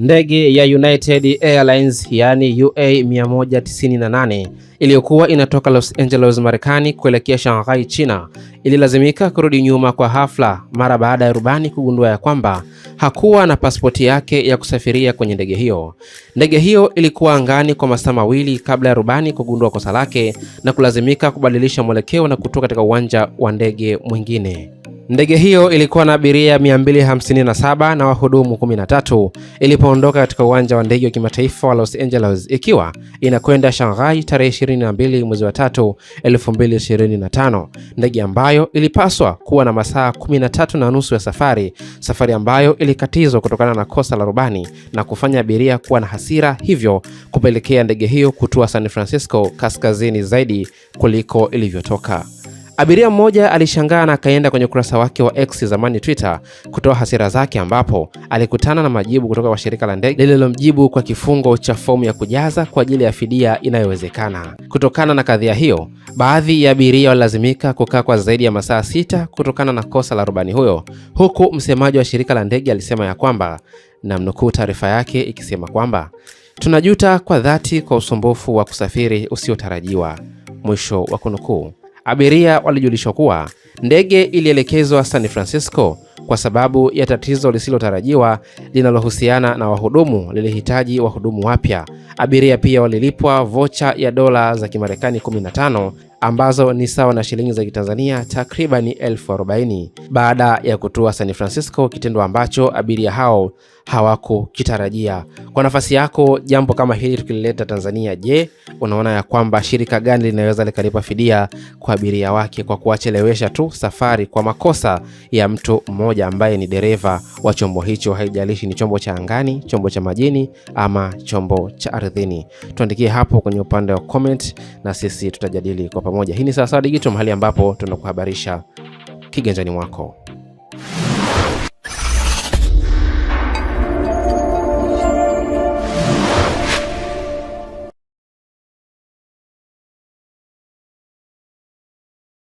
Ndege ya United Airlines yaani UA 198 iliyokuwa inatoka Los Angeles, Marekani kuelekea Shanghai, China ililazimika kurudi nyuma kwa hafla mara baada ya rubani kugundua ya kwamba hakuwa na pasipoti yake ya kusafiria kwenye ndege hiyo. Ndege hiyo ilikuwa angani kwa masaa mawili kabla ya rubani kugundua kosa lake na kulazimika kubadilisha mwelekeo na kutoka katika uwanja wa ndege mwingine. Ndege hiyo ilikuwa na abiria 257 na wahudumu 13 ilipoondoka katika uwanja wa ndege wa kimataifa wa Los Angeles ikiwa inakwenda Shanghai tarehe 22 mwezi wa 3 2025, ndege ambayo ilipaswa kuwa na masaa 13 na nusu ya safari, safari ambayo ilikatizwa kutokana na kosa la rubani na kufanya abiria kuwa na hasira, hivyo kupelekea ndege hiyo kutua San Francisco kaskazini zaidi kuliko ilivyotoka. Abiria mmoja alishangaa na akaenda kwenye ukurasa wake wa X zamani Twitter kutoa hasira zake, ambapo alikutana na majibu kutoka kwa shirika la ndege lililomjibu kwa kifungo cha fomu ya kujaza kwa ajili ya fidia inayowezekana. Kutokana na kadhia hiyo, baadhi ya abiria walilazimika kukaa kwa zaidi ya masaa sita kutokana na kosa la rubani huyo, huku msemaji wa shirika la ndege alisema ya kwamba, namnukuu taarifa yake ikisema kwamba tunajuta kwa dhati kwa usumbufu wa kusafiri usiotarajiwa, mwisho wa kunukuu. Abiria walijulishwa kuwa ndege ilielekezwa San Francisco kwa sababu ya tatizo lisilotarajiwa linalohusiana na wahudumu, lilihitaji wahudumu wapya. Abiria pia walilipwa vocha ya dola za Kimarekani 15 ambazo ni sawa na shilingi za Kitanzania takriban elfu arobaini baada ya kutua San Francisco, kitendo ambacho abiria hao hawakukitarajia. Kwa nafasi yako, jambo kama hili tukilileta Tanzania, je, unaona ya kwamba shirika gani linaweza likalipa fidia kwa abiria wake kwa kuwachelewesha tu safari kwa makosa ya mtu mmoja ambaye ni dereva wa chombo hicho, haijalishi ni chombo cha angani, chombo cha majini ama chombo cha ardhini? Tuandikie hapo kwenye upande wa comment na sisi tutajadili kwa pamoja. Hii ni Sawasawa Digital, mahali ambapo tunakuhabarisha kiganjani mwako.